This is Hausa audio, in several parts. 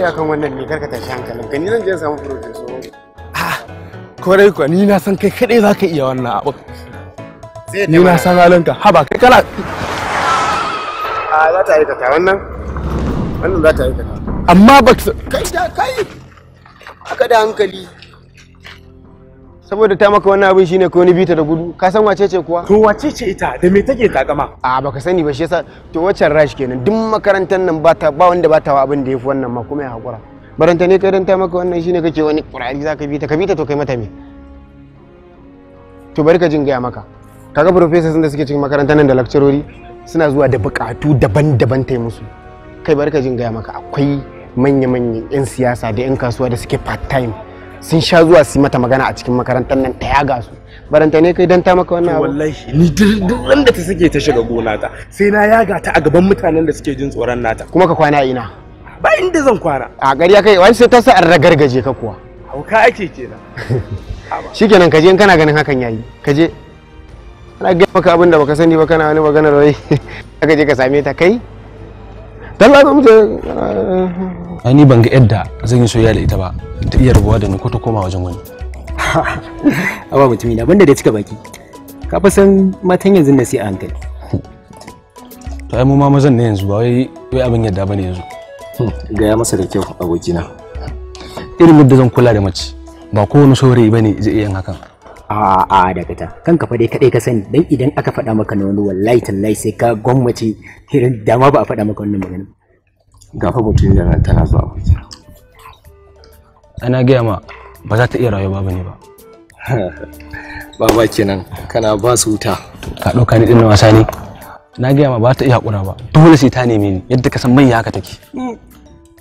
dai akan wannan ne karka tashi hankalin ka ni zan je samu professor ah kwarai kwa ni na san kai kadai zaka iya wannan abu ni na san halinka haba kai kala a za ta aikata wannan wannan za ta aikata amma ba kai da kai aka da hankali saboda ta maka wannan abin shine ko ni bita da gudu ka san wace ce kuwa to wace ce ita da me take gama a baka sani ba shi yasa to waccan rash kenan duk makarantar nan ba ta ba wanda ba ta wa abin da yafi wannan ma kuma ya hakura baranta ne kai dan ta maka wannan shine kake wani kurari zaka bita ka bita to kai mata me to bari ka jin gaya maka kaga professors da suke cikin makarantar nan da lecturori suna zuwa da bukatu daban-daban ta musu kai bari ka jin gaya maka akwai manya-manyan 'yan siyasa da 'yan kasuwa da suke part-time sun sha zuwa su mata magana a cikin makarantar nan ta yaga su baranta ne kai dan ta maka wannan abu. wallahi ni duk da ta suke ta shiga gona ta sai na yaga ta a gaban mutanen da suke jin tsoron nata kuma ka kwana ina ba inda zan kwana a ya kai wani sai ta sa an ragargaje ka kuwa hauka ake kenan shikenan kaje in kana ganin hakan yayi kaje ana gaya maka abin da baka sani ba kana wani maganar wai aka je ka same ta kai dan zo mu je ai ni ban ga yadda zan yi soyayya da ita ba ta iya rubuwa da ni ko ta koma wajen wani awa mutumi na banda da cika baki ka fa san matan yanzu na sai a hankali to ai mu ma mazan ne yanzu ba wai wai abin yadda bane yanzu hmm, gaya masa da kyau abokina irin yadda zan kula da mace ba kowane saurayi bane zai iya yin hakan a'a da kata kanka fa dai kadai ka sani dan idan aka faɗa maka na wani wallahi tallahi sai ka gwammace irin dama ba a faɗa maka wannan magana gafa bakteriya nan tana zuwa baki ana gaya ma ba za ta iya rayuwa ba ne ba baba kenan kana ba su wuta ka ɗauka ni ɗin wasa ne na gaya ma ba ta iya haƙura ba dole sai ta neme ni yadda ka san mai haka take hmm.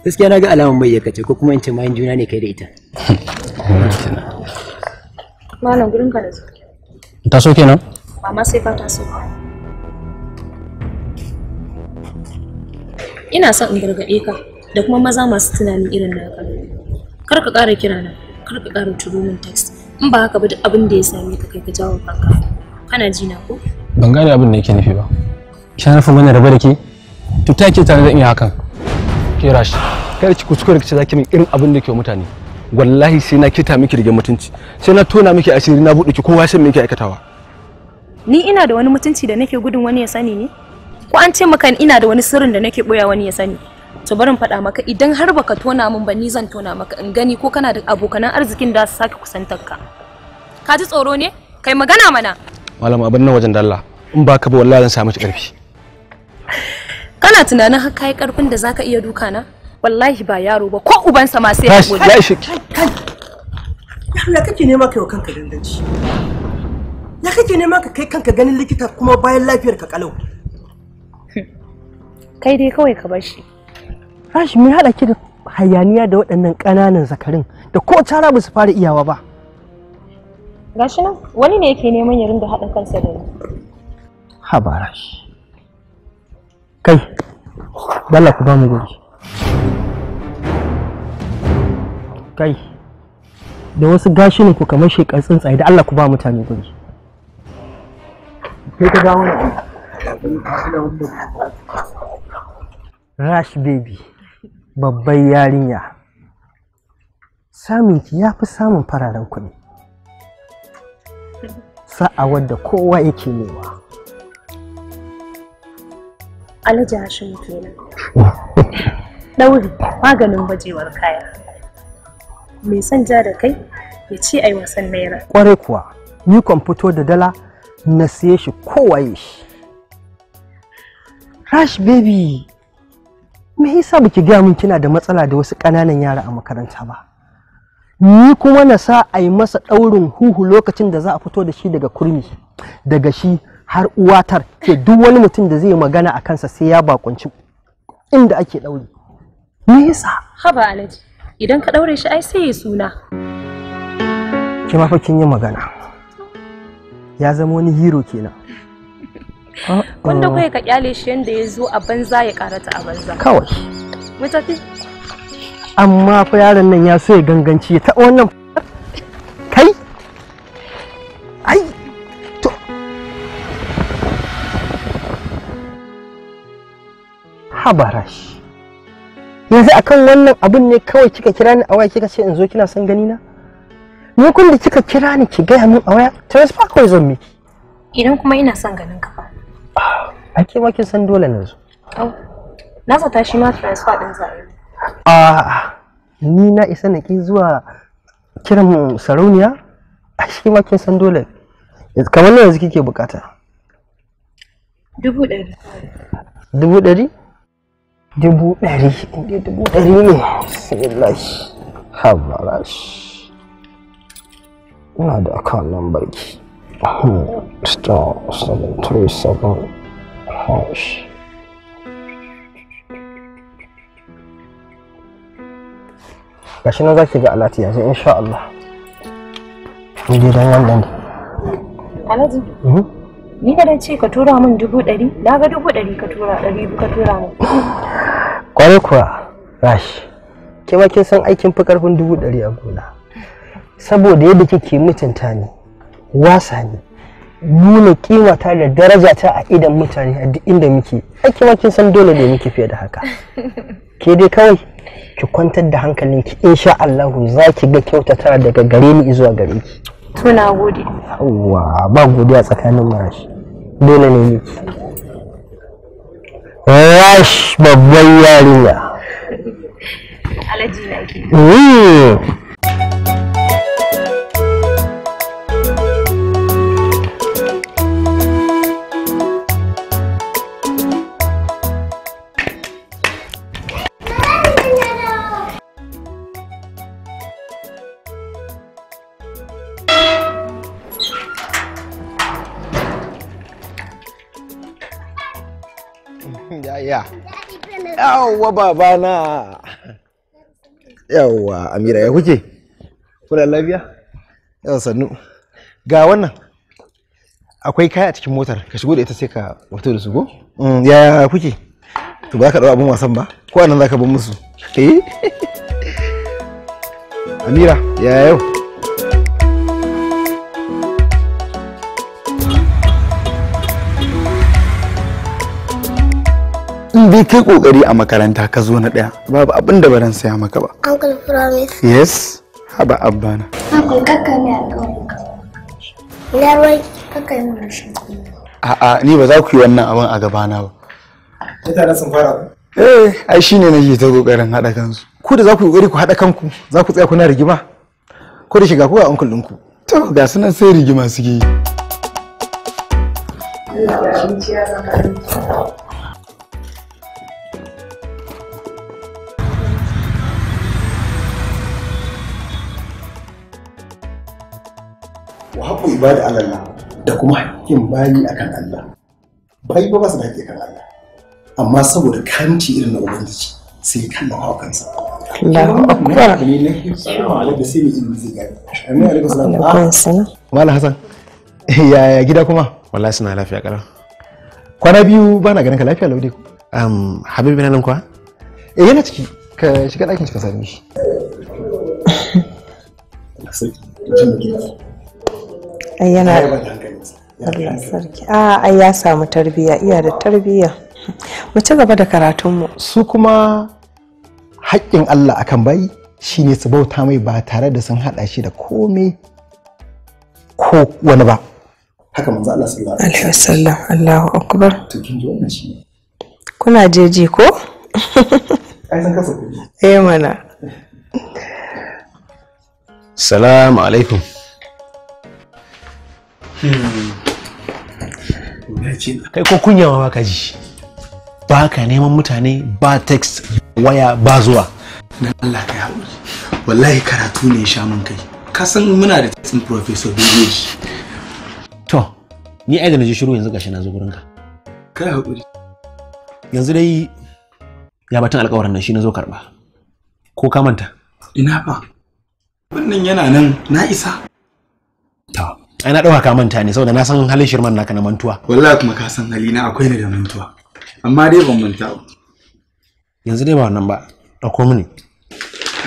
gaskiya na ga alaman mai yaka ce ko kuma in ce mayan juna ne kai da ita malam gurin ka da su ta so kenan ba ma sai ka ta so ina son in gargaɗe ka da kuma maza masu tunani irin naka kar ka ƙara kira na kar ka ƙara turo min text in ba haka ba duk abin da ya same ka kai ka jawo kanka kana ji na ko ban gane abin da yake nufi ba kina nufin mana rabe da ke to ta ke tare da in hakan ke rashi kar ki kuskure ki ce zaki min irin abin da ke mutane wallahi sai na kita miki rigar mutunci sai na tona miki asiri na buɗe ki kowa san me yake aikatawa ni ina da wani mutunci da nake gudun wani ya sani ne ko an ce maka ina da wani sirrin da nake boya wani ya sani to barin faɗa maka idan har baka tona min ba ni zan tona maka in gani ko kana da abokanan arzikin da su sake kusantar ka ka ji tsoro ne kai magana mana malam abin nan wajen dalla in ba ka ba wallahi zan miki karfi kana tunanin har kai karfin da zaka iya duka na wallahi ba yaro ba ko ubansa ma sai ya gode ya shi ya kake nema kai kanka dandanci ya kake nema ka kai kanka ganin likita kuma bayan lafiyar ka kalau kai dai kawai ka bar shi rashi mai haɗa ki da hayaniya da waɗannan ƙananan zakarin da ko tara ba su fara iyawa ba gashi nan wani ne yake neman ya rinda haɗin kansa da ni ha ba rashi kai balla ku ba mu guri kai da wasu gashi ne ku kamar shekar tsuntsaye da Allah ku ba mutane guri kai ka ga ne rash baby babbar yarinya ki ya fi samun fararen kuɗi sa'awar da kowa yake nema alhaji hashim kenan ɗauri maganin bajewar kaya mai son ja da kai ya ce ai wasan naira ƙwarai kuwa ni kan fito da dala na siye shi kowaye shi rash baby me yasa baki gaya mun kina da matsala da wasu ƙananan yara a makaranta ba ni kuma na sa a yi masa ɗaurin huhu lokacin da za a fito da shi daga kurmi daga shi har uwatar ke duk wani mutum da zai magana a kansa sai ya bakunci inda ake ɗauri me yasa haba alaji idan ka ɗaure shi ai sai ya suna ki fa kin yi magana ya zama wani hero kenan wanda kai ka kyale shi yanda ya zo a banza ya karata a banza kawai mu tafi amma fa yaron nan ya so ya ganganci ya taɓa wannan kai ai to habarash yanzu akan wannan abun ne kawai kika kira ni a waya kika ce in zo kina son ganina? na ni kun da kika kira ni ki gaya min a waya transfer kawai zan miki idan kuma ina son ganin ka a ke ma kin san dole na zo na zata shi ma transfer din zai a ni na isa na ki zuwa kiran sarauniya a shi ma kin san dole kamar na yanzu kike bukata dubu ɗari dubu ɗari dubu ɗari dubu ɗari ne bismillahi habarash ina da akan lambar ki 37 hmm, house. gashi nan za ga alati yanzu insha Allah in dai dan wannan alhaji mhm. ni da ce ka tura min dubu ɗari na ga dubu ɗari ka tura ɗari ka tura min kwarai kuwa rashi ke ma kin san aikin fi karfin dubu ɗari a gona saboda yadda kike mutunta ni wasa ne nuna kimata da daraja ta a idan mutane a duk inda muke aiki ma kin san dole ne muke fiye da haka ke dai kawai ki kwantar da ki insha Allah za ki ga kyautata daga gare ni zuwa gare ki to gode ba godiya tsakanin marashi dole ne rash babban yarinya alaji na ke hmm. yawwa babana yawwa amira ya kuke kuna lafiya yawan sannu ga wannan akwai kaya a cikin motar ka shigo da ita sai ka wato da su go mm, ya kuke to ba ka dau abin wasan ba ko anan ka bar musu eh amira ya yau in bi kai kokari a makaranta ka zo na daya babu abin da baran saya maka ba uncle promise yes haba abbana uncle kaka ne alƙawarin ka na wai a yi a'a ni ba za ku yi wannan abin a gabana ba mutane sun fara ku eh ai shine nake ta kokarin hada kansu ku da za ku kokari ku hada kanku za ku tsaya kuna rigima ko da shiga ku ga uncle ɗinku to ga sunan sai rigima suke yi Allah ya wa haƙƙul ibada ala Allah da kuma haƙƙin bayi akan Allah bayi ba ba su da haƙƙi akan Allah amma saboda kanci irin na ubangiji sai kan hawa kansa Allahu akbar Malam Hassan ya gida kuma wallahi suna lafiya ƙarar kwana biyu ba na ganin ka lafiya laude um habibi na nan kuwa eh yana ciki ka shiga ɗakin ka same shi ai yana Allah sarki a ai ya samu tarbiyya iya da tarbiyya mu ci gaba da karatunmu su kuma haƙƙin Allah akan bayi shine su bauta mai ba tare da sun hada shi da komai ko wani ba haka manzo Allah sallallahu alaihi wasallam Allahu akbar kuna jeji ko ai san kasa eh mana salamu alaikum kai ko kunya ma baka ji ba ka neman mutane ba text waya ba zuwa dan Allah kai haƙuri wallahi karatu ne sha mun kai ka san muna da tsin professor Bibeji to ni ai da naji shiru yanzu gashi na zo gurin ka kai haƙuri yanzu dai ya batun alƙawarin nan shi na zo karɓa ko ka manta ina fa wannan yana nan na isa ai na dauka ka manta ne saboda na san halin shirman naka na mantuwa wallahi kuma ka san halina akwai ne da mantuwa amma dai ban manta ba yanzu dai ba wannan ba dauko mini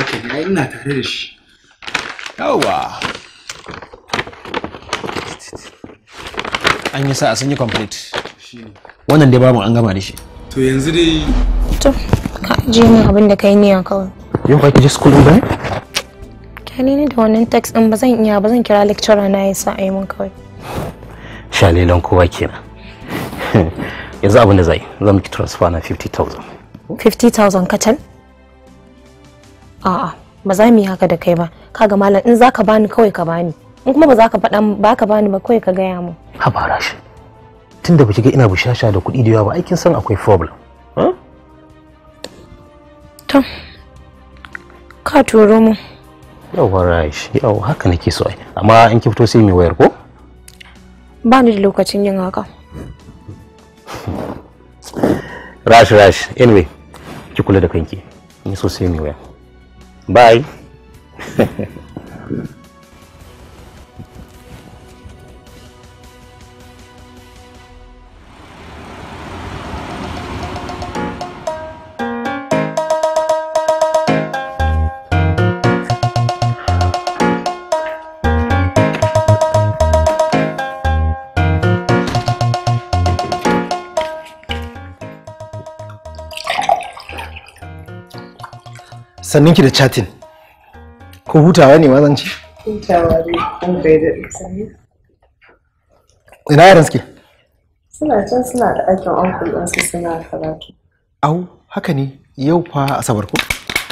haka ne ai ina tare da shi yawa an yi sa'a sun yi complete wannan dai babu an gama da shi to yanzu dai to ka je ne abin da kai niyan kawai yau ka je school ba kyale ne da wannan tax din ba zan iya ba zan kira lecturer na yasa a yi mun kawai shalilan kowa kenan yanzu abin da zai zan miki transfer na 50000 50000 kacal a'a ba za mu yi haka da kai ba kaga malam in zaka bani kawai ka bani in kuma ba za ka faɗa ba ka bani ba kawai ka gaya mu habara shi tunda ba ki ga ina bushasha da kuɗi da yawa ba aikin san akwai problem to ka turo mu yawa rash yawa haka nake so ai amma in ki fito sai mai wayar ko ba ni da lokacin yin haka rash rash anyway ki kula da kanki ni so sai mai waya bye sannin ki da chatting ko hutawa ne ma ci hutawa dai kun bai da sanni ina yaran suke suna can suna da aikin uncle din su suna karatu au haka ne yau fa asabar ko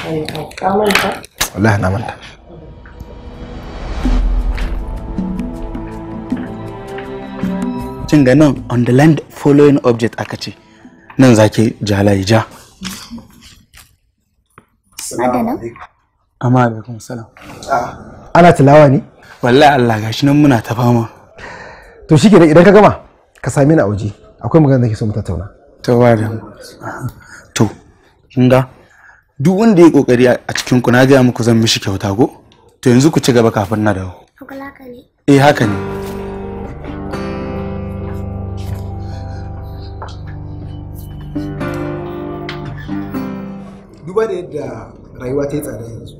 ai ka manta wallahi na manta cin nan on the land following object aka ce nan zake jalaija ja Adana. alaikum salam. Ah. Ana tilawa ne? Wallahi Allah gashi nan muna ta fama. To shi kenan idan ka gama ka sami ni a waje akwai magana da ke so mu tattauna. To ba da To kin ga duk wanda ya kokari a cikin ku na gaya muku zan mishi kyauta go. To yanzu ku ci gaba kafin na dawo. Eh haka ne. Duba da yadda rayuwa ta yi tsada yanzu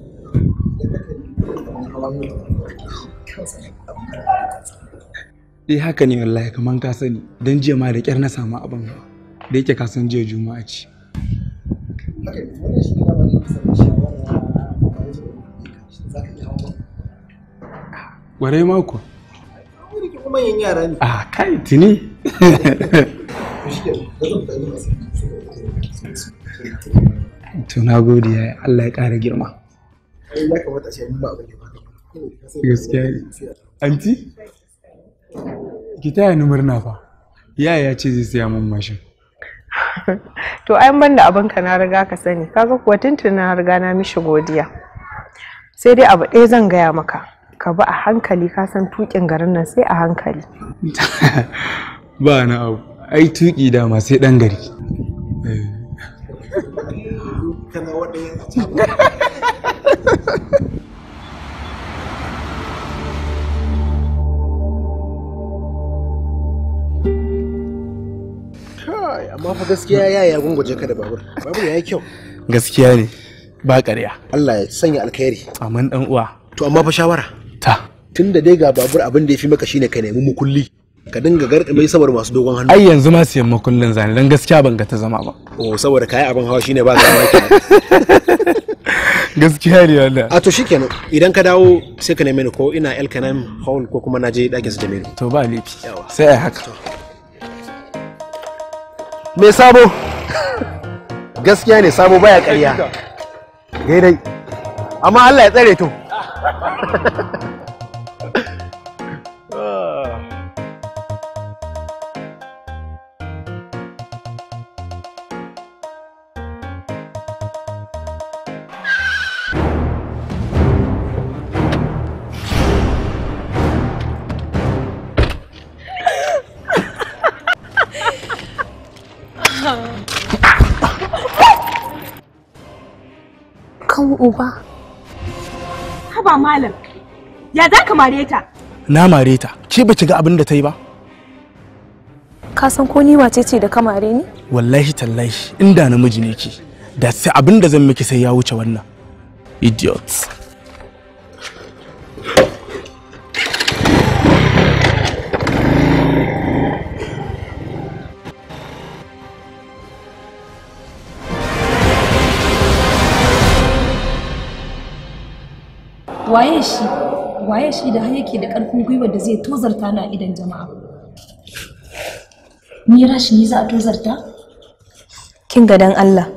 dai haka ne wallahi kamar ka sani don jiya ma da kyar na samu abin da yake ka san jiya juma'a ce ware mako. manyan yara ne. Ah, kai tuni. to na gode ya Allah ya ƙara girma ya gaskiya anti ki taya ni murna fa yaya ce zai siya mun mashin to ai ban da abinka na riga ka sani kaga kuwa tuntun na riga na mishi godiya sai dai abu ɗaya zan gaya maka ka bi a hankali ka san tukin garin nan sai a hankali ba na abu ai tuki dama sai ɗan gari eh. kana waɗanda yin a amma fa gaskiya ya yi gunguje ka da babur babur ya yi kyau gaskiya ne ba ƙarya Allah ya sanya alkhairi amin dan uwa to amma fa shawara ta tunda dai ga babur abin da ya fi maka shine ka nemi mukulli ka dinga garka mai saboda masu dogon hannu ai yanzu ma siyan makullin zane don gaskiya ban ga ta zama ba oh saboda kayan abin hawa shine ba zama ki gaskiya ne wannan a to shikenan idan ka dawo sai ka neme ni ko ina Elkanam Hall ko kuma naje dakin su Jamilu to ba laifi, sai ai haka me sabo gaskiya ne sabo baya ƙarya dai amma Allah ya tsare to uba. Haba malam, ya za ka mare ta? Na mare ta, ke ba ki ga abin da ta yi ba? Ka san ko ni wace ce da ka mare ni? Wallahi tallahi, inda namiji ne ki, da sai abin da zan miki sai ya wuce wannan. Idiots. waye shi waye shi da har yake da ƙarfin gwiwa da zai tozarta na idan jama'a ni rashi ni za a tozarta kin ga dan Allah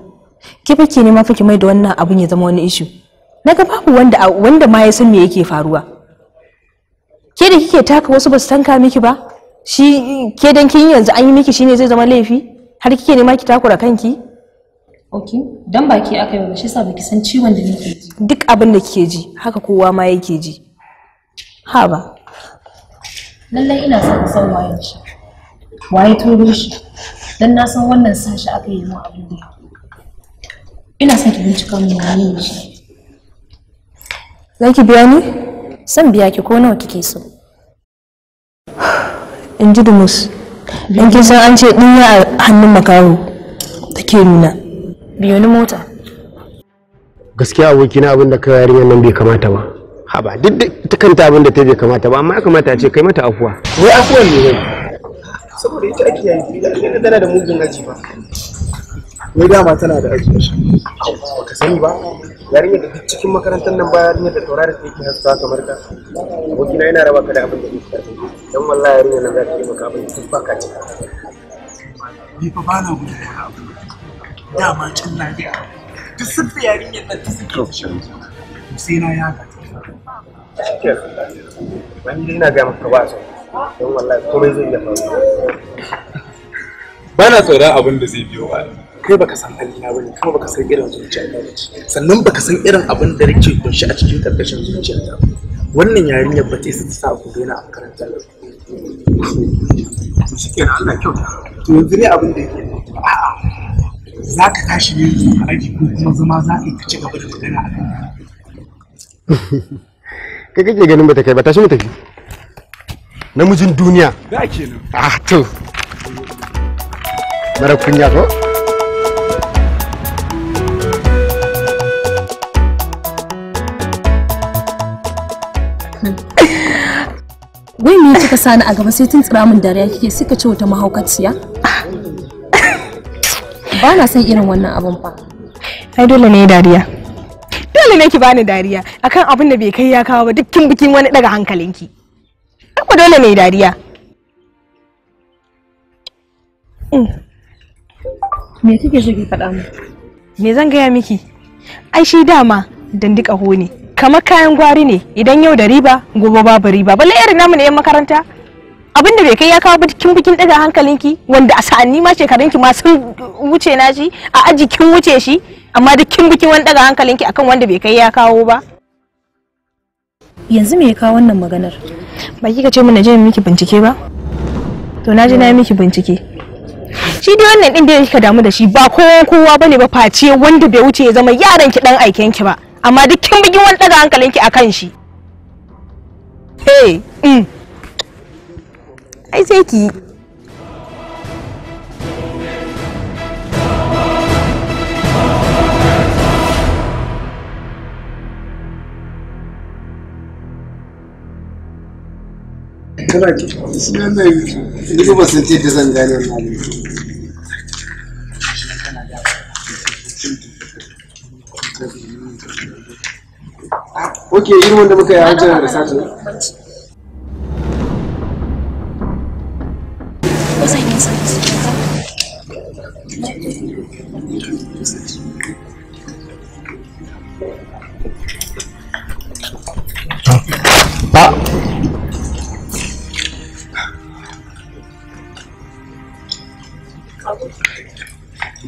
ki fike ne ma fike mai da wannan abun ya zama wani issue naga babu wanda wanda ma ya san me yake faruwa ke da kike taka wasu ba su tanka miki ba shi ke dan kin yanzu an yi miki shine zai zama laifi har kike ne ma ki takura kanki ok don baki aka yi ba shi yasa baki san ciwon da nake ji duk abin da kike ji haka kowa ma yake ji ha ba lallai ina son san waye shi waye turo shi dan na san wannan sashi aka yi mu abu da ina son ki bincika mu waye shi za ki biya ni san biya ki ko nawa kike so in ji dumus in kin san an ce dinya a hannun makaho take nuna biyo ni mota gaskiya abokina abin da kai yarinyar nan bai kamata ba haba duk da ta kanta abin da ta bai kamata ba amma ya kamata a ce kai mata afuwa wai afuwan ne wai saboda ita ake yi da ita tana da mugun aji ba wai dama tana da aji ka sani ba yarinyar da duk cikin makarantar nan ba yarinyar da taurari ta yake haska kamar ka abokina yana raba ka da abin da ke karfi dan wallahi yarinyar nan za ta yi maka abin da ba ka ci ni fa ba na gudu da abin dama can lafiya ga duk sun fi yarinyar nan ta suke sai na ya ga wani ina ga maka ba su don wallahi komai zai iya faru ba na tsoron abin da zai biyo ba kai baka san halina bane kuma baka san irin zuciya ta bace sannan baka san irin abin da rike kunshi a cikin karkashin zuciya ta wannan yarinyar ba ta isa sa ku daina a makarantar to shi kenan Allah kyauta to yanzu ne abin da yake a'a za ka tashi ne a aiki ko kuma zama za ka yi ka ci gaba da magana a kan ka kake ganin ba ta kai ba tashi mu namijin duniya da kenan ah to mara kunya ko wai me kika sani a gaba sai tun tsira min dare kike suka ce wata mahaukaciya ba na son irin wannan abun fa ai dole ne dariya dole ne ki bani dariya akan abin da bai kai ya kawo ba dukkin bikin wani daga hankalinki ku dole ne dariya mm. me kike so ki faɗa me zan gaya miki ai shi dama dandika duka ne kamar kayan gwari ne idan yau da riba gobe babu riba balle irin namu ne yan makaranta abin da bai kai ya kawo ba bikin daga hankalinki wanda a sa'anni ma shekarunki ma sun wuce na shi a aji kin wuce shi amma duk kin bikin wani daga hankalinki akan wanda bai kai ya kawo ba yanzu me ya kawo wannan maganar ba kika ce mun je miki bincike ba to na je na yi miki bincike shi dai wannan din da kika damu da shi ba kowa kowa bane ba face wanda bai wuce ya zama yaran ki dan aiken ki ba amma duk kin bikin wani daga hankalinki akan shi eh mm. ai sai ki yi. Ok, irin wanda muka yi a wancan da satin.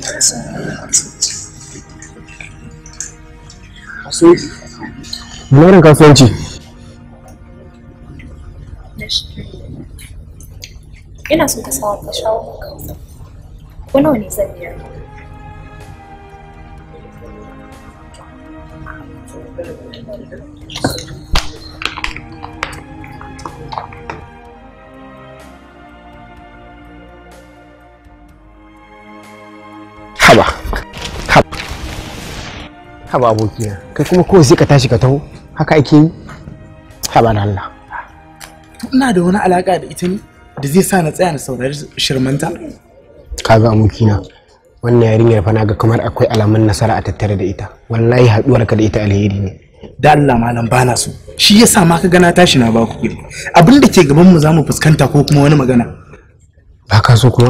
interessen hat. Kasuwanci? Ina son ka sawa ka shawo kansa. Ko nawa ba abokina kai kuma kawai sai ka tashi ka taho haka ake yi haba da Allah ina da wani alaka da ita ne da zai sa na tsaya na saurari shirmanta kaga abokina wannan yarinyar fa naga kamar akwai alamun nasara a tattare da ita wallahi haduwar ka da ita alheri ne da Allah malam bana so shi yasa ma ka gana tashi na ba ku kuɗi abin da ke gaban mu zamu fuskanta ko kuma wani magana ba ka so kuma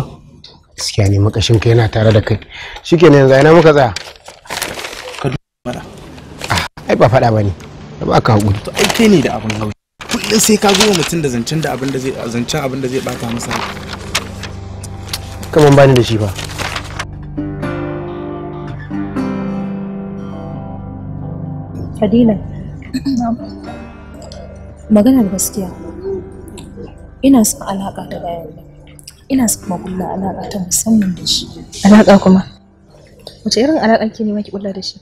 gaskiya ne makashin ka yana tare da kai shikenan yanzu ina muka tsaya mara ah, ai ba faɗa ba ne ba ka haƙuri to ai kai ne da abin hau kullum sai ka zo mutum da zancen da abin da zai zancen abin da zai bata masa kaman bani da shi ba Fadila maganar gaskiya ina son alaƙa da bayan ina son magulla alaƙa ta musamman da shi alaƙa kuma wace irin alaƙa ke ne maki kulla da shi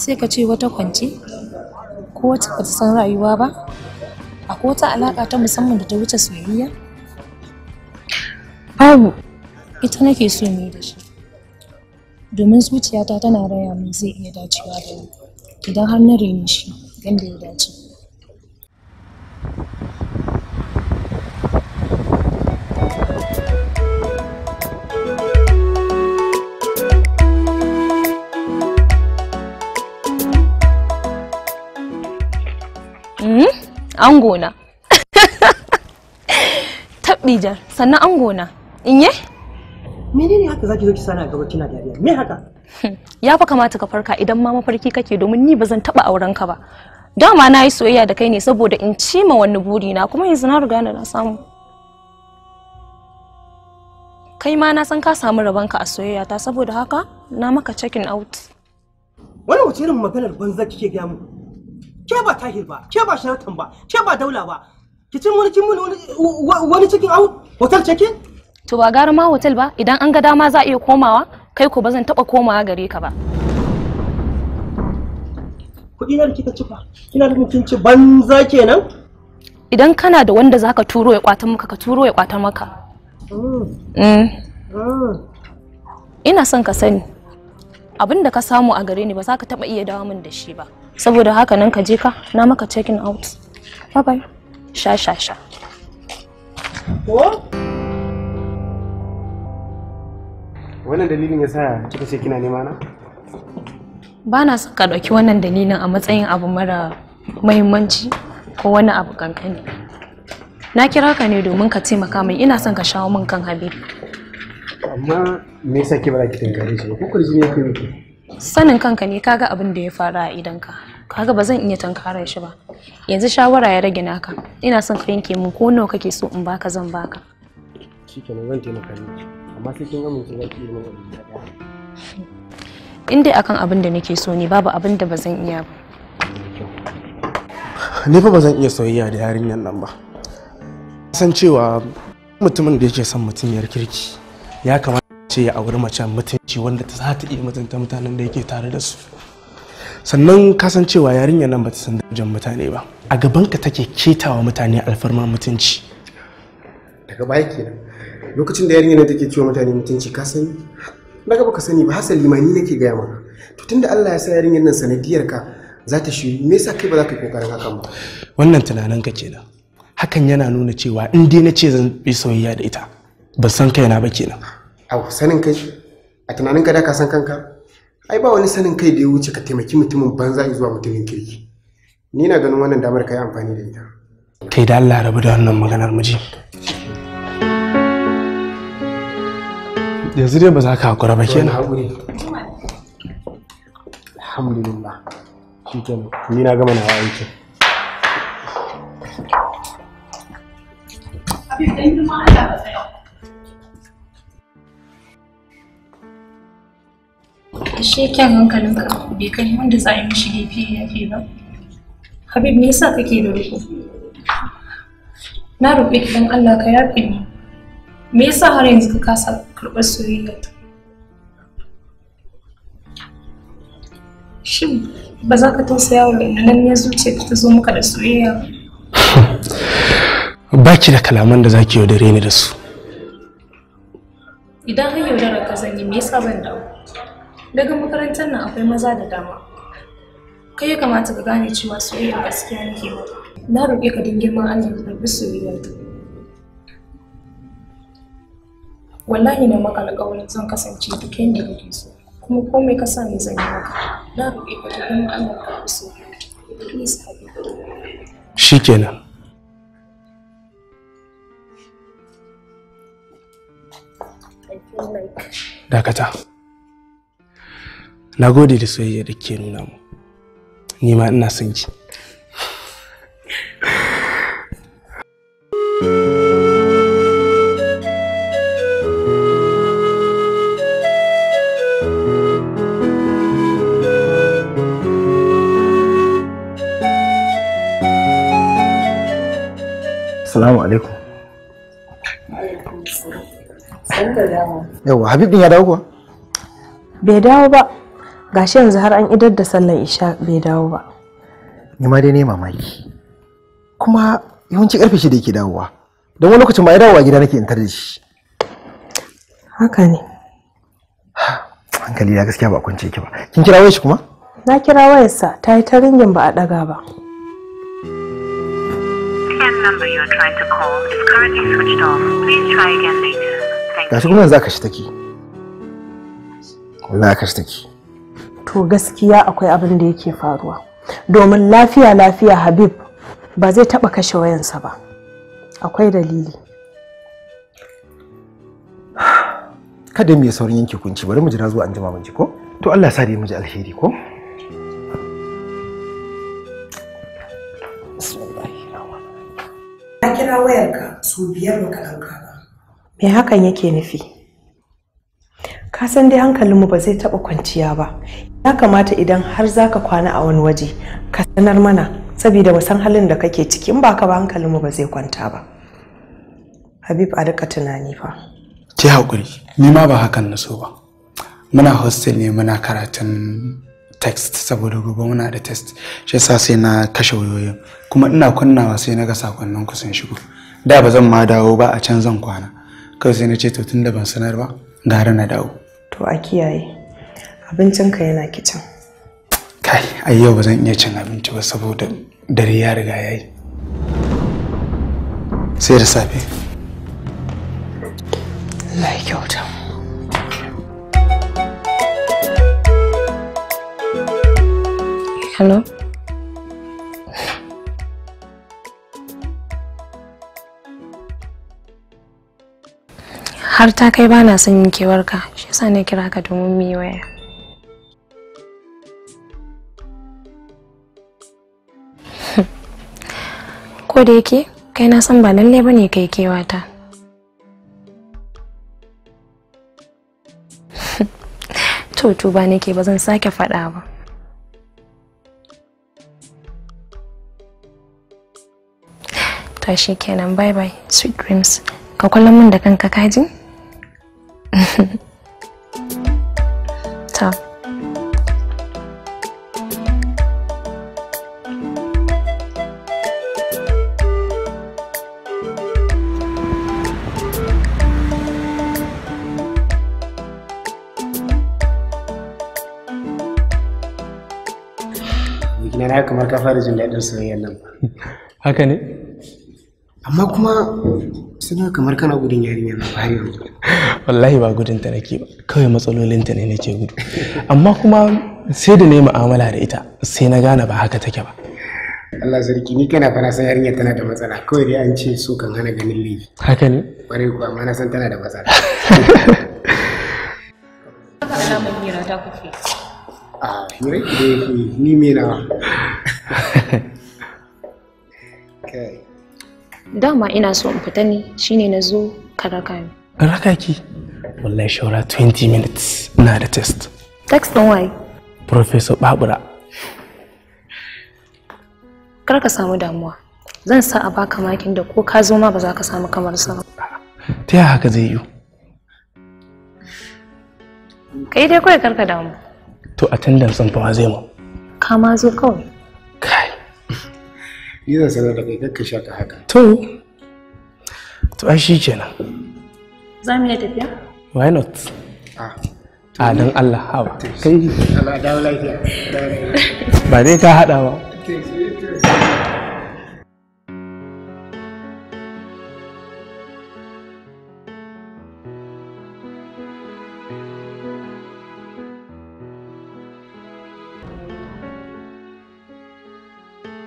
sai ka ce wata kwance ko wata ba san rayuwa ba ko wata alaka ta musamman da ta wuce soyayya babu ita nake so ne da shi domin zuciyata tana raya min zai iya dacewa da ni idan har na rene shi yadda ya dace angona tabbijar sannan angona inye menene haka zaki zo ki sani a gaba kina dariya me haka hmm, ya fa kamata ka farka idan ma mafarki kake domin ni ba zan taba auren ka ba dama na yi soyayya da kai ne saboda in cima wani buri na kuma yanzu na riga na samu kai ma na san ka samu rabanka a soyayya ta saboda haka na maka checking out wannan wace irin maganar banza kike gaya mu ke ba tahir ba ke ba sharatan ba ke ba daula ba ki cin wani kin wani wani cikin au hotel cikin to ba gara ma hotel ba idan an ga dama za a iya komawa kai ko ba zan taba komawa gare ka ba kuɗi na da kika cika, kina da kin ci banza kenan idan kana da wanda zaka turo ya kwata maka ka turo ya kwata maka mm. Mm. Mm. ina son ka sani abin da ka samu a gare ni ba za ka taba iya dawo min da shi ba saboda haka nan ka je ka na maka checking out bye bye sha sha sha wannan dalilin ya sa kika ce kina nema na ba na son ka ɗauki wannan dalilin a matsayin abu mara muhimmanci ko wani abu kankani na kira ka ne domin ka taimaka min ina son ka shawo min kan habibi amma me yasa ki ba za ki tangare shi ba ko kurji ne ke yi sanin kanka ne kaga abin da ya faru a idanka kaga ba zan iya tankarar shi ba yanzu shawara ya rage naka ina son ka yanke mun ko nawa kake so in baka zan baka shikenan zan taimaka ne amma sai kin amince za ki yi min abin da in dai akan abin da nake so ne babu abin da ba zan iya ba ni fa ba zan iya soyayya da yarinyan nan ba san cewa mutumin da yake son mutum yar kirki ya kamata ce ya auri mace mutunci wanda ta za ta iya mutunta mutanen da yake tare da su sannan kasancewa yarinya nan ta san darajar mutane ba a gaban ka take ketawa mutane alfarma mutunci daga baya kenan lokacin da yarinya nan take cewa mutane mutunci ka sani na gaba ka sani ba hasali ma ni nake gaya maka to tunda Allah ya sa yarinyar nan sanadiyar ka za ta shi me yasa kai ba za ka yi kokarin hakan ba wannan tunanin ka kenan hakan yana nuna cewa in dai na ce zan bi soyayya da ita ban san kaina ba kenan a sanin kai a tunanin ka da ka san kanka ai ba wani sanin kai da ya wuce ka taimaki mutumin banza zuwa mutumin kirki ni na ganin wannan damar ka yi amfani da ita kai da Allah rabu da wannan maganar miji yanzu dai ba za ka hakura ba kenan alhamdulillah shi ni na gama na aikin Abin da yi Ashe kyan hankalin ka bai kai wanda za a yi mishi gefe ya fi ba. Habib me yasa kake da riko? Na roƙe ki don Allah ka yafe ni. Me yasa har yanzu ka kasa karɓar soyayya ta? Shin ba za ka tausaya wa nan ya zuciya ta zo maka da soyayya ba? ki da kalaman da za ki yaudare ni da su. Idan har yaudarar ka zan yi me yasa ban dawo? daga makarantar nan akwai maza da dama kai ya kamata ka gane cewa soyayya gaskiya nake ba na roƙe ka don girman Allah ka karɓi soyayya ta wallahi na maka alƙawarin zan kasance duk yadda kake so kuma komai ka sa ni zan yi maka na roƙe ka don girman Allah ka karɓi soyayya ta ka shikenan dakata na gode da soyayya da ke nuna mu ni ma ina son ki Assalamu alaikum. Yawwa, Habib din ya dawo kuwa? Bai dawo ba, gashi yanzu har an idar da sallar isha bai dawo ba ni ma dai ne mamaki kuma yawanci karfe da yake dawowa don wani lokacin ba ya a gida nake in da shi haka ne hankali ya gaskiya ba kwance ki ba kin kira wayar shi kuma na kira wayarsa ta yi ta ringin ba a daga ba gashi kuma yanzu aka shi take wallahi aka shi take to gaskiya akwai abin da yake faruwa domin lafiya lafiya habib ba zai taba kashe wayansa ba akwai dalili kada mu yi saurin yanke kunci bari mu jira zuwa an jima mun ko to Allah sa da mu ji alheri ko Na kira wayarka su biyar baka ɗauka ba. Me hakan yake nufi? Ka san dai hankalinmu ba zai taɓa kwanciya ba ya kamata idan har za ka kwana a wani waje ka sanar mana saboda ba halin da kake cikin ba ka ba hankalinmu ba zai kwanta ba habib a duka tunani fa ki hakuri ni ma ba hakan na so ba muna hostel ne muna karatun text saboda gobe muna da test shi yasa sai na kashe wayoyin kuma ina kunnawa sai na ga sakonnin ku sun shigo da ba zan ma dawo ba a can zan kwana kawai sai na ce to tunda ban sanar ba gara na dawo to a kiyaye abincin ka yana kicin kai a yau ba zan iya cin abinci ba saboda dare ya riga ya yi sai da safe Allah ya kyauta Hello? Har ta kai ba na son yin kewarka, shi yasa na kira ka domin mu yi waya. ko da yake kai na san ba lalle bane kai kewata to tuba nake ba zan sake faɗa ba tashi kenan bye bye sweet dreams ka kwallo mun da kanka kaji ta na kamar ka da jin daɗin soyayyar nan haka ne amma kuma suna kamar kana gudun yarinyar na ba yau. wallahi ba gudun ta nake ba kawai matsalolin ta ne nake gudu amma kuma sai da nayi mu'amala da ita sai na gane ba haka take ba Allah sarki ni kana fara san yarinyar tana da matsala kawai dai an ce su kan hana ganin laifi haka ne kwarai kuwa amma na san tana da matsala alamun hira ta kufe a ah, hira da yake ni mai nawa dama ina so in fita ne shine na zo ka raka ni raka ki wallahi shawara 20 minutes na da test text din waye professor babura kar ka samu damuwa zan sa a baka makin da ko ka zo ma ba za ka samu kamar sa ta yaya haka zai yi kai dai kawai karka damu to attendance ɗin fa zai mu ka ma zo kawai kai ni zan sanar da kai ka sha ka haka to to ai shi kenan za mu iya tafiya why not ah a ah, don Allah hawa kai ba dai ka haɗa ba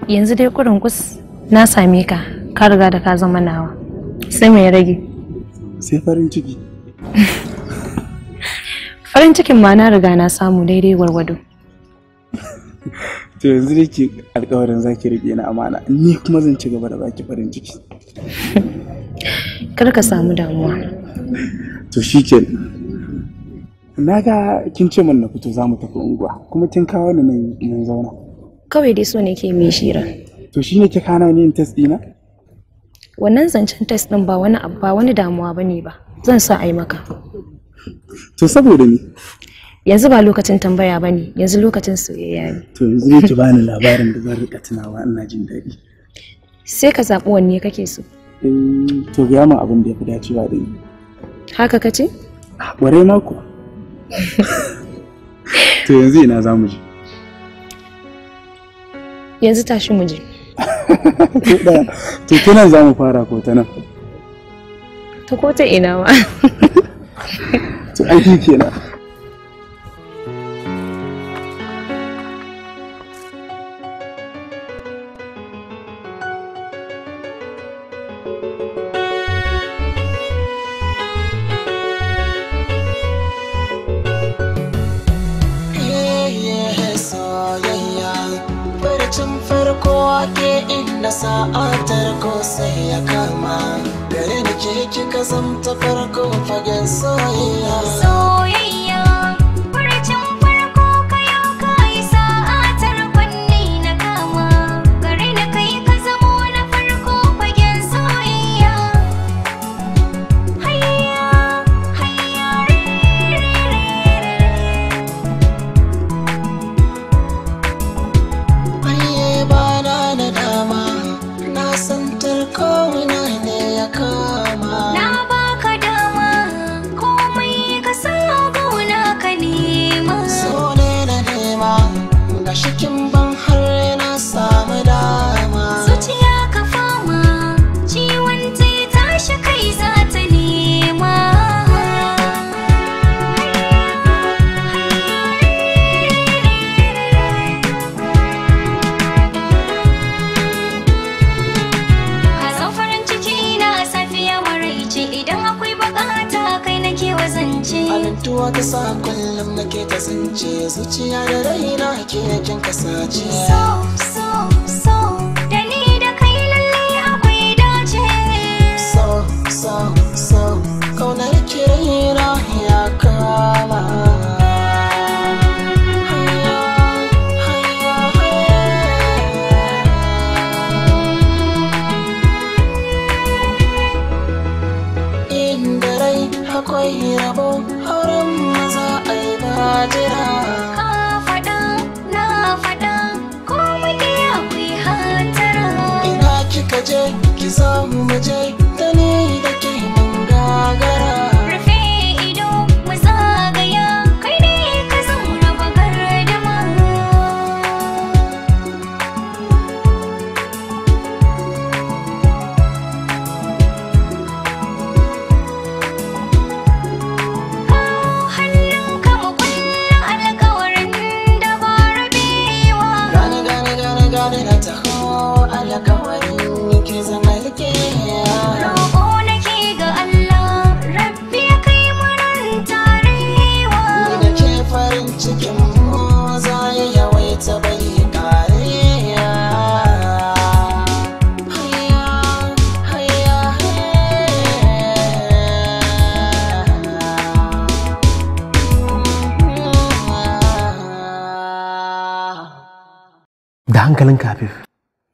yanzu dai kurin kus na same ka ka riga da ka zama nawa sai mai rage sai farin ciki farin cikin ma na riga na samu daidai gwargwado to yanzu dai ke alkawarin zaki rike na amana ni kuma zan ci gaba da baki farin ciki kar ka samu damuwa to shikenan na ga kin ce min na fito za mu tafi unguwa kuma kin kawo ni nan zauna kawai dai so ke mai shira to shi ne ki kana wani test dina wannan zancen test din ba wani ba wani damuwa bane ba zan sa ai maka to saboda ni yanzu ba lokacin tambaya bane yanzu lokacin soyayya ne to yanzu ne ki bani labarin da zan rika tunawa ina jin daɗi sai ka zaɓi wanne kake so to ga mu abin da ya fi dacewa da ni haka kace ah, ware mako to yanzu ina zamu je yanzu tashi mu je to kenan za mu fara ko ta nan ta ko ta ina ma to aiki kenan kasance zuciya da raina ke kin kasace.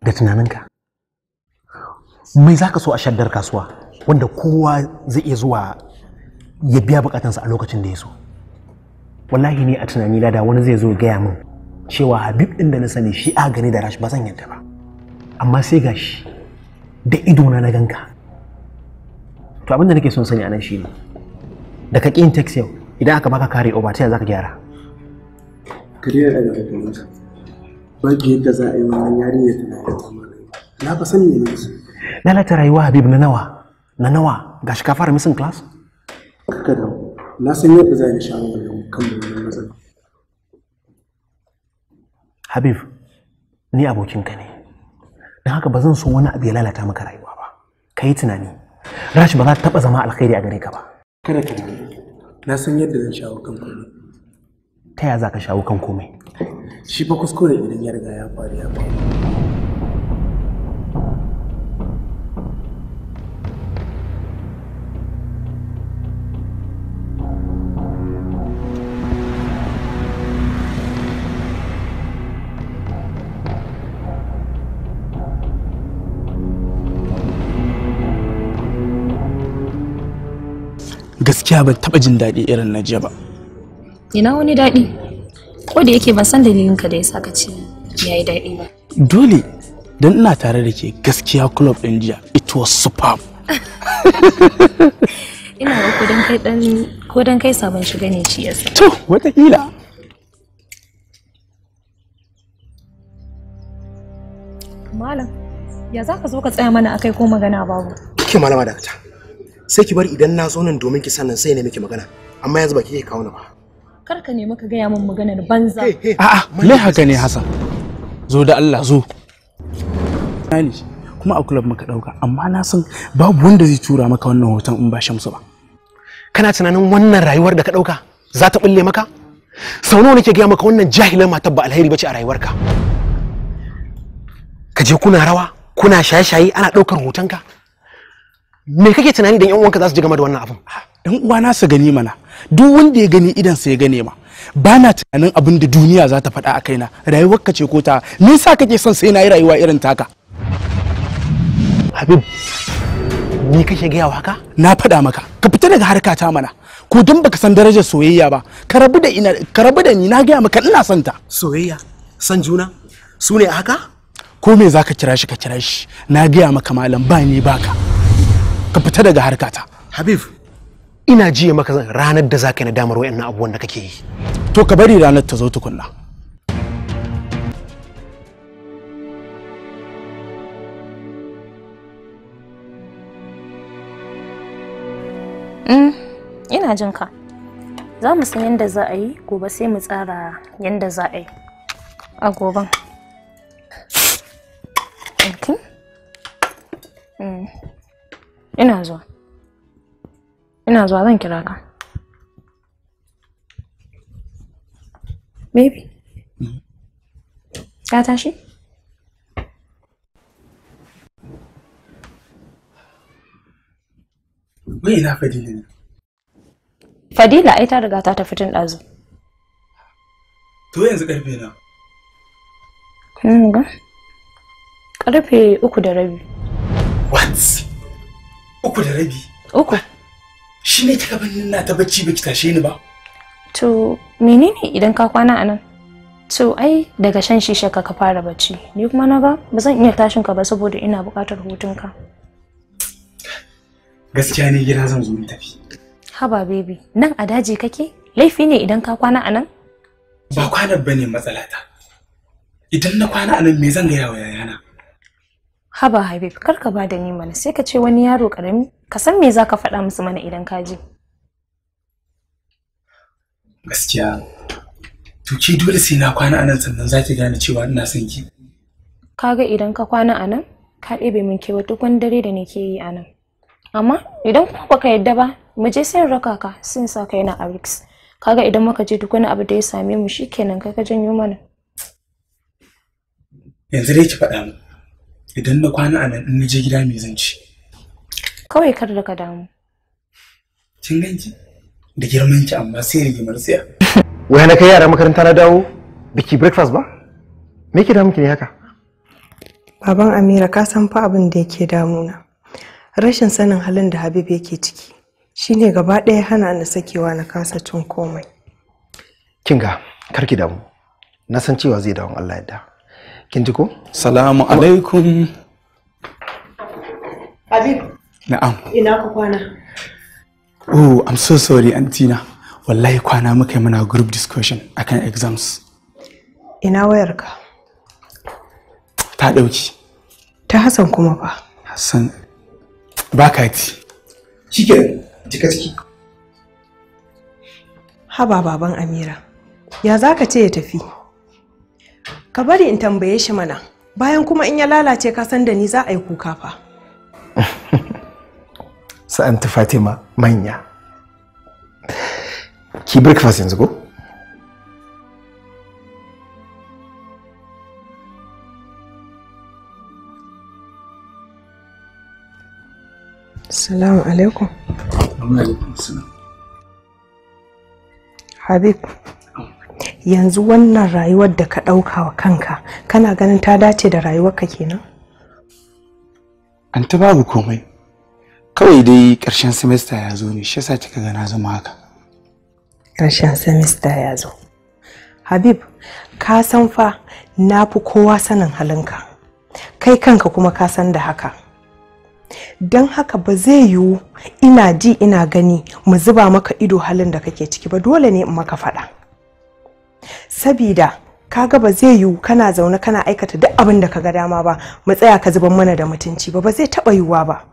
da tunaninka mai za ka so a shaddar kasuwa wanda kowa zai iya zuwa ya biya bukatansa a lokacin da ya so wallahi ne a tunani lada da wani zai zo gaya min cewa habib ɗin da na sani shi a gani da rash ba zan yadda ba amma sai gashi da ido na na ganka to abinda nake son sani anan nan shine da ka ƙin text yau idan aka baka kare over ta za ka gyara ka da daga babu yadda za a yi wannan yarinya ta lalata na fa san ne nake lalata rayuwa habib na nawa na nawa gashi ka fara missing class kaka da na san yadda za a yi shawo wannan kan wannan matsala habib ni abokinka ne don haka ba zan so wani abu ya lalata maka rayuwa ba ka yi tunani rashi ba za ta taba zama alkhairi a gare ka ba kada ka tunani na san yadda zan shawo kan komai ta ya za ka shawo kan komai shi ba kuskure idan ya riga ya faru ya faru gaskiya ban taɓa jin daɗi irin na jiya ba ina wani daɗi ko da yake ban san dalilin ka da yasa ka ce yayi daɗi ba dole don ina tare da ke gaskiya club ɗin jiya it was superb ina ga ko dan kai dan ko dan kai sabon shiga ne shi yasa to kila malam ya za ka zo ka tsaya mana akai ko magana babu kike malama da ta sai ki bari idan na zo nan domin ki sanin sai ne miki magana amma yanzu ba kike kawo ni ba kar ka nemi ka gaya min maganar banza a'a me haka ne Hassan zo da Allah zo nani kuma a club muka dauka amma na san babu wanda zai tura maka wannan hoton in ba Shamsu ba kana tunanin wannan rayuwar da ka dauka za ta bulle maka sau nawa nake gaya maka wannan jahilan matar ba alheri bace a rayuwarka ka je kuna rawa kuna shaye-shaye ana daukar hotonka me kake tunani dan yan uwanka za su ji game da wannan abin yan uwana su gani mana duk wanda ya gani idan sa ya gane ma ba na tunanin abin da duniya za ta faɗa a kaina rayuwar ka ce ko ta me yasa kake son sai na yi rayuwa irin taka habib ni kake gaya wa haka na faɗa maka ka fita daga harka ta mana ko dan baka san darajar soyayya ba ka rabu da ina ka rabu da ni na gaya maka ina son ta soyayya san juna su ne haka ko me zaka kira shi ka kira shi na gaya maka malam ba ni baka ka fita daga harka ta habib ina jiya maka ranar da za ka yi nadamar wayannan abubuwan da kake yi to ka bari ranar ta zo tukunna mm, ina jin ka za mu san yadda za a yi gobe sai mu tsara yadda za a yi a goben mm, ina zuwa ina zuwa zan kira ka baby ka ina Fadila ne? Fadila ai ta riga ta tafi tun ɗazu. To yanzu ƙarfe na. Kun ga? Ƙarfe uku da rabi. What? Uku da rabi? Uku. shi ne kika bani na ta bacci baki tashe ni ba to menene idan ka kwana a nan to ai daga shan shi ka ka fara bacci ni kuma na ga ba zan iya tashin ka ba saboda ina buƙatar hutun ka gaskiya ne gida zan zo ni tafi haba baby nan a daji kake laifi ne idan ka kwana a nan ba kwana bane matsalata idan na kwana a nan me zan gaya wa yaya haba habib kar ka bada da ni mana sai ka ce wani yaro karami ka san me zaka faɗa musu mana idan ka je gaskiya to ki dole sai na kwana anan sannan za ki gane cewa ina son ki kaga idan ka kwana anan, ka ɗebe min kewa duk wani dare da nake yi anan, amma idan kuma baka yadda ba mu je sai raka ka sun sa kai na arix kaga idan muka je duk wani abu da ya same mu shikenan kai ka janyo mana yanzu dai ki faɗa mu idan na kwana a nan in na je gida me zan ci kawai kar da ka damu kin ganki da girman ki amma sai rigimar tsaya wai na kai yara makaranta na dawo biki breakfast ba me ke damu ki ne haka baban amira ka san fa abin da yake damuna rashin sanin halin da habib yake ciki shine gaba ɗaya hana na sakewa na kasa cin komai kinga kar ki damu na san cewa zai dawo Allah yadda kin ji ko salamu alaikum abin na'am ina ku kwana oh i'm so sorry antina wallahi kwana muka yi muna group discussion akan exams ina wayarka ta dauki ta hassan kuma ba hassan ba ka ci Cike, jika ciki haba baban amira ya za ka ce ya tafi ka bari in tambaye shi mana bayan kuma in ya lalace ka san da ni za a yi kuka fa sa'an ta fatima manya ki breakfast yanzu ko Salamu alaikum. alaikum Habib. yanzu wannan rayuwar da ka ɗauka wa kanka kana ganin ta dace da rayuwarka kenan an babu komai kawai dai ƙarshen semester ya zo ne shi yasa kika ga na zama haka ƙarshen semester ya zo habib ka san fa na fi kowa sanin halinka kai kanka kuma ka san da haka don haka ba zai yiwu ina ji ina gani mu zuba maka ido halin da kake ciki ba dole ne in maka faɗa sabida kaga ba zai yiwu kana zaune kana aikata duk abin da kaga dama ba mu tsaya ka zuban mana da mutunci ba ba zai taɓa yiwuwa ba